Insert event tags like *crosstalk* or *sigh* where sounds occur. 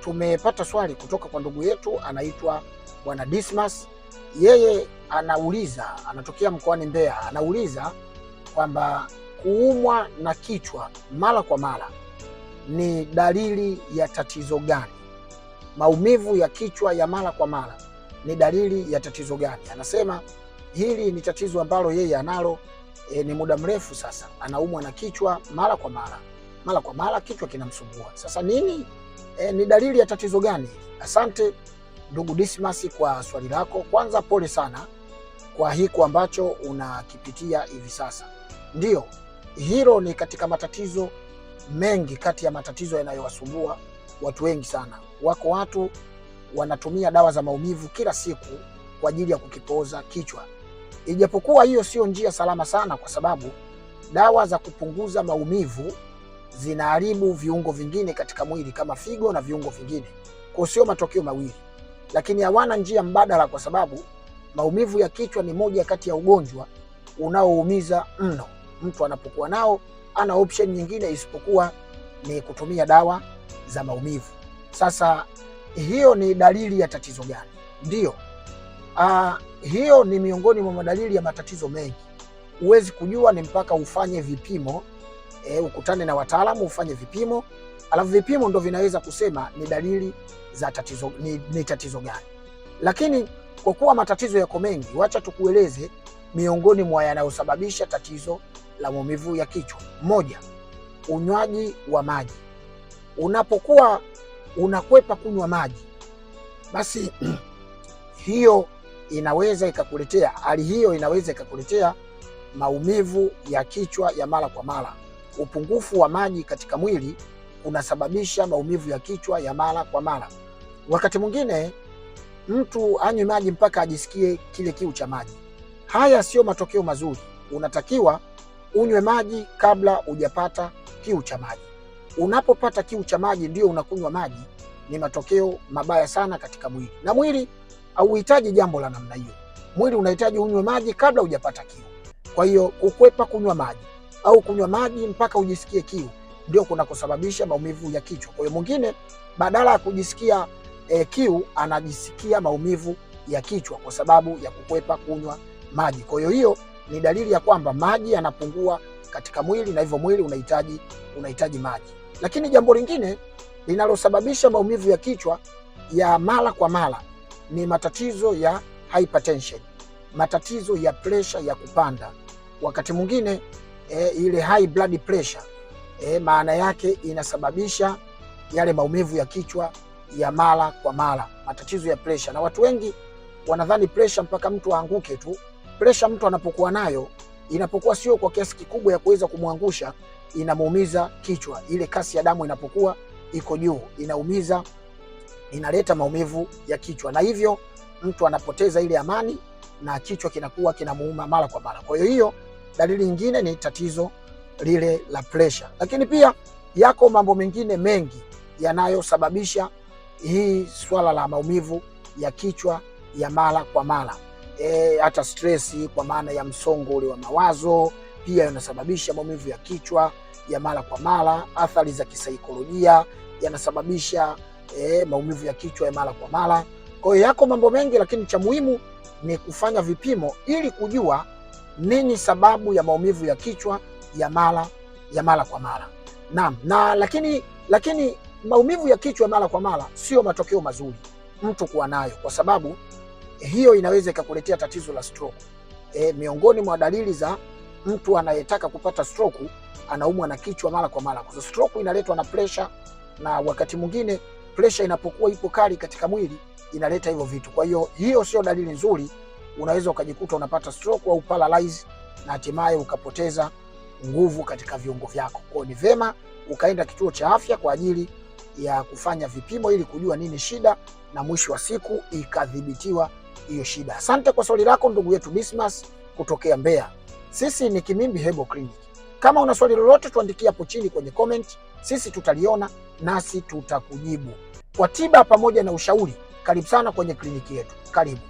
tumepata swali kutoka kwa ndugu yetu anaitwa Bwana Dismas. Yeye anauliza, anatokea mkoani Mbeya, anauliza kwamba kuumwa na kichwa mara kwa mara ni dalili ya tatizo gani? Maumivu ya kichwa ya mara kwa mara ni dalili ya tatizo gani? Anasema hili ni tatizo ambalo yeye analo e, ni muda mrefu sasa, anaumwa na kichwa mara kwa mara mara kwa mara, kichwa kinamsumbua. Sasa nini e, ni dalili ya tatizo gani? Asante ndugu Dismas kwa swali lako. Kwanza pole sana kwa hiko ambacho unakipitia hivi sasa. Ndiyo, hilo ni katika matatizo mengi, kati ya matatizo yanayowasumbua watu wengi sana. Wako watu wanatumia dawa za maumivu kila siku kwa ajili ya kukipoza kichwa, ijapokuwa hiyo sio njia salama sana, kwa sababu dawa za kupunguza maumivu zinaharibu viungo vingine katika mwili kama figo na viungo vingine, kwa sio matokeo mawili, lakini hawana njia mbadala, kwa sababu maumivu ya kichwa ni moja kati ya ugonjwa unaoumiza mno. Mtu anapokuwa nao ana option nyingine isipokuwa ni kutumia dawa za maumivu. Sasa hiyo ni dalili ya tatizo gani? Ndiyo, uh, ah, hiyo ni miongoni mwa madalili ya matatizo mengi. Huwezi kujua ni mpaka ufanye vipimo e, ukutane na wataalamu ufanye vipimo, alafu vipimo ndo vinaweza kusema ni dalili za tatizo, ni, ni tatizo gani. Lakini kwa kuwa matatizo yako mengi, wacha tukueleze miongoni mwa yanayosababisha tatizo la maumivu ya kichwa. Moja, unywaji wa maji. Unapokuwa unakwepa kunywa maji, basi *clears throat* hiyo inaweza ikakuletea hali hiyo inaweza ikakuletea maumivu ya kichwa ya mara kwa mara. Upungufu wa maji katika mwili unasababisha maumivu ya kichwa ya mara kwa mara. Wakati mwingine mtu anywe maji mpaka ajisikie kile kiu cha maji. Haya siyo matokeo mazuri. Unatakiwa unywe maji kabla hujapata kiu cha maji. Unapopata kiu cha maji ndio unakunywa maji, ni matokeo mabaya sana katika mwili, na mwili hauhitaji jambo la namna hiyo. Mwili unahitaji unywe maji kabla hujapata kiu. Kwa hiyo kukwepa kunywa maji au kunywa maji mpaka ujisikie kiu, ndio kunakosababisha maumivu ya kichwa. Kwa hiyo mwingine badala ya kujisikia e, kiu anajisikia maumivu ya kichwa kwa sababu ya kukwepa kunywa maji. Kwa hiyo hiyo ni dalili ya kwamba maji yanapungua katika mwili na hivyo mwili unahitaji unahitaji maji. Lakini jambo lingine linalosababisha maumivu ya kichwa ya mara kwa mara ni matatizo ya hypertension, matatizo ya presha ya kupanda. Wakati mwingine eh, ile high blood pressure eh, maana yake inasababisha yale maumivu ya kichwa ya mara kwa mara, matatizo ya pressure. Na watu wengi wanadhani pressure mpaka mtu aanguke tu. Pressure mtu anapokuwa nayo, inapokuwa sio kwa kiasi kikubwa ya kuweza kumwangusha, inamuumiza kichwa. Ile kasi ya damu inapokuwa iko juu, inaumiza, inaleta maumivu ya kichwa, na hivyo mtu anapoteza ile amani na kichwa kinakuwa kinamuuma mara kwa mara. Kwa hiyo hiyo Dalili nyingine ni tatizo lile la presha, lakini pia yako mambo mengine mengi yanayosababisha hii swala la maumivu ya kichwa ya mara kwa mara e, hata stress kwa maana ya msongo ule wa mawazo pia yanasababisha maumivu ya kichwa ya mara kwa mara. Athari za kisaikolojia yanasababisha e, maumivu ya kichwa ya mara kwa mara. Kwa hiyo yako mambo mengi, lakini cha muhimu ni kufanya vipimo ili kujua nini sababu ya maumivu ya kichwa ya mara ya mara kwa mara. Naam, na lakini lakini maumivu ya kichwa mara kwa mara sio matokeo mazuri mtu kuwa nayo, kwa sababu hiyo inaweza ikakuletea tatizo la stroke. E, miongoni mwa dalili za mtu anayetaka kupata stroke anaumwa na kichwa mara kwa mara, kwa stroke inaletwa na pressure, na wakati mwingine pressure inapokuwa ipo kali katika mwili inaleta hivyo vitu. Kwa hiyo hiyo sio dalili nzuri unaweza ukajikuta unapata stroke au paralyze na hatimaye ukapoteza nguvu katika viungo vyako. Kwa ni vema ukaenda kituo cha afya kwa ajili ya kufanya vipimo ili kujua nini shida, na mwisho wa siku ikadhibitiwa hiyo shida. Asante kwa swali lako ndugu yetu Dismas kutokea Mbeya. Sisi ni Kimimbi Herbal Clinic. Kama una swali lolote, tuandikie hapo chini kwenye comment, sisi tutaliona nasi tutakujibu kwa tiba pamoja na ushauri. Karibu sana kwenye kliniki yetu, karibu.